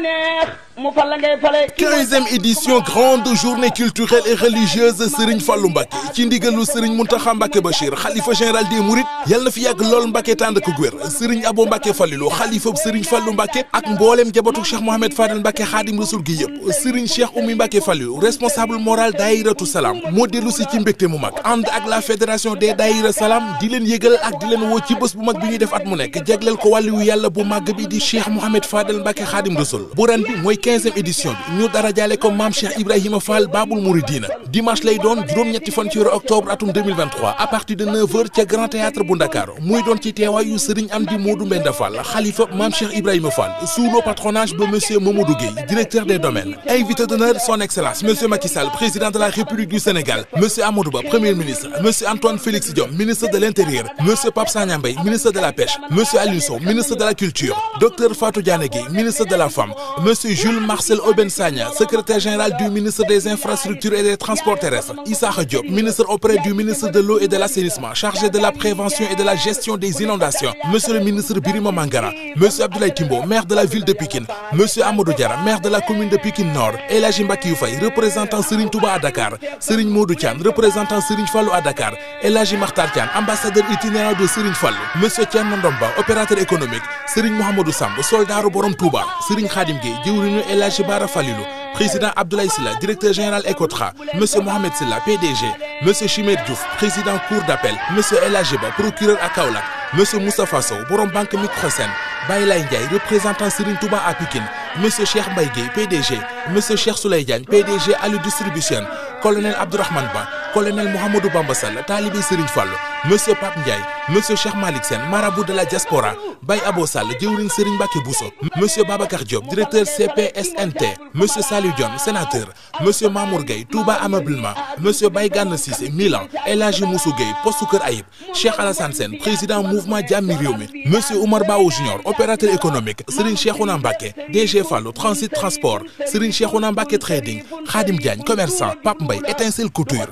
neex mu fal la ngay fale. quinzième édition grande journée culturelle et religieuse Serigne Fallou Mbacké ci ndigalu Serigne Mountakha Mbacké Bachir xalifa général des Mourides yal na fi yàgg lool Mbacké tànd ak wér Serigne Abo Mbacké Fallilu xalifa Serigne Fallou Mbacké ak mboolem jabatu Cheikh Mohamed Fadel Mbacké Xaadim Rasul gi yëpp Serigne Cheikh Oumy Mbacké Fallilu responsable moral Daïratu Salaam moo dellu si ci mbégte mu mag ànd ak la fédération des Daïra Salaam di leen yëgal ak bu mag bi ñuy def at mu nekk jagleel ko wàlliwu yàlla bu màgg bi di Cheikh Mohamed Fadel Mbacké Xaadim quinzième lay doon juróom-ñetti fan ci atum à partir de 9 ca grand théâtre bu Ndakaaru muy doon ci teewaayu Serigne Amdi Modou Mbenda Fall xalifa maam Cheikh Ibrahima Fall sous le monsieur Mamadou directeur des domaines invité d'honneur son excellence monsieur président de la République du Sénégal monsieur Amadou premier ministre monsieur Antoine Félix Diome ministre de l'Intérieur monsieur Pape ministre de la pêche Guy Marcel Oben Sagna secrétaire général du ministre des infrastructures et des transports terrestres Issacha Diop ministre auprès du ministre de l'eau et de l'assainissement chargé de la prévention et de la gestion des inondations monsieur le ministre Birima Mangara monsieur Abdoulaye Timbo maire de la ville de Pikine monsieur Amadou Diarra maire de la commune de Pikine Nord El Hadji Mbackiyou Faye représentant Serigne Touba à Dakar Serigne Modou représentant Serigne Fallou à Dakar El Hadji Bara Falilou président Abdoulaye Sylla directeur général Ecotra monsieur Mohamed Sylla PDG m Chimère Diouf président cour d'appel monsieur El Hadji Ba procureur à Kaolack monsieur Moustapha Sow borom banque Microsen Lay Ndiaye représentant Serigne Touba à Pikine monsieur Cheikh Mbaye Guèye PDG monsieur Cheikh Souley PDG Aliou Distribution colonel Abdourahmane Ba colonel Mouhamadou Bamba Sall taalibe Serigne Fallou monsieur Pape Ndiaye monsieur Cheikh Malick Sène marabout de la diaspora Baye Abo Sall jëwriñ Serigne Mbacké Bousso monsieur Babacar Diop directeur CPSNT monsieur Saliou Dione sénateur monsieur Mamour Gueye Touba ameublement monsieur Baye Gana Cissé Milan El Hadji Moussou Gueye poste Kër Ayib Cheikh Alassane Sène président mouvement Jàmmi Réew mi monsieur Oumar Bao Junior opérateur économique Serigne Cheikhouna Mbacké DG Fallou transit transport Serigne Cheikhouna Mbacké trading Khadim Diagne commerçant Pape Mbaye étincelle couture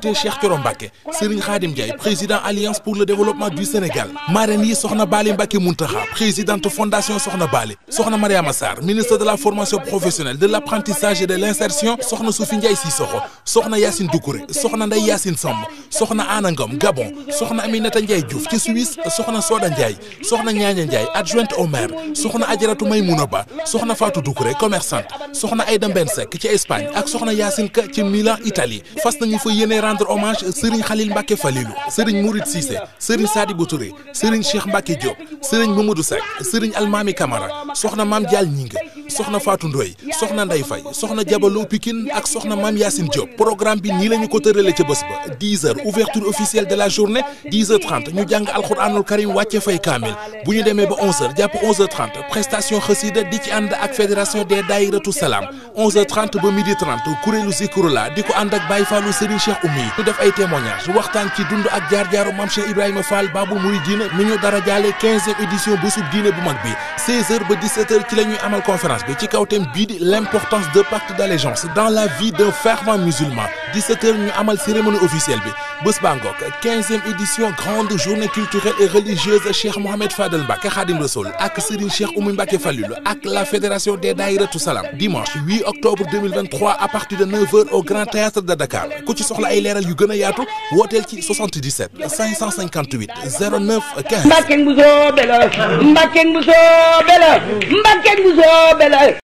député Cheikh Thioro Mbacké Serigne Khadim Ndiaye président alliance pour le développement du Sénégal marraines yi soxna Bali Mbacké Mountakha présidente fondation soxna Bali soxna Mariama Sarr ministre de la formation professionnelle de l'apprentissage de l'insertion soxna Soufi Ndiaye Sissoko soxna Yacine Doucouré soxna Ndeye Yacine Samb soxna Anna Gabon soxna Aminata Ndiaye Diouf ci Suisse soxna Soda Ndiaye soxna Ñaaña Ndiaye adjointe au soxna Adjaratou Maymouna Ba soxna Fatou Doucouré commerçante soxna Aïda Mbène Seck ci Espagne ak soxna Yacine Ka ci Milan Italie rendre hommage Serigne Khalil Mbacke Falilou Serigne Mourid Cissé Serigne Sadibou Touré Serigne Cheikh Mbacke Diop Serigne Mamadou Seck Serigne Almami Camara soxna Mame Dial Ñing soxna Fatou Ndoye soxna Ndeye Faye soxna Diabalo Pikine ak soxna Mame Yacine Diop programme bi nii la ñu ko tëralee ca bés ba 10 heures ouverture officielle de la journée 10 heures 30 ñu jàng alxuraanul karim wàcce fay kaamil bu ñu demee ba 11 jàpp 11 prestation xasida di ci ànd ak fédération des daayiratu salaam 11 ba midi 30 kuréelu zikrula di ko ànd ak Baye Fallou Serigne Cheikh Oumy ñu def ay témoignages waxtaan ci dund ak jaar-jaaru Mame Cheikh ci kaw thème bii di l'importance de pacte d'allégeance dans la vie d'un fervent musulman 17 heures ñu amal cérémonie officielle bi bés ba édition grande journée culturelle et religieuse Cheikh Mohamed Fadel Mbacke Khadim Rassoul ak Serigne Cheikh Oumy Mbacke Falilou ak la fédération des Daïratou Salam dimanche octobre à partir de heures au Grand Théâtre de Dakar ku ci soxla ay leeral yu gën a yaatu ci 77 558 09 15. Mbacke Mbousso Bella Mbacke Mbousso Bella Mbacke Mbousso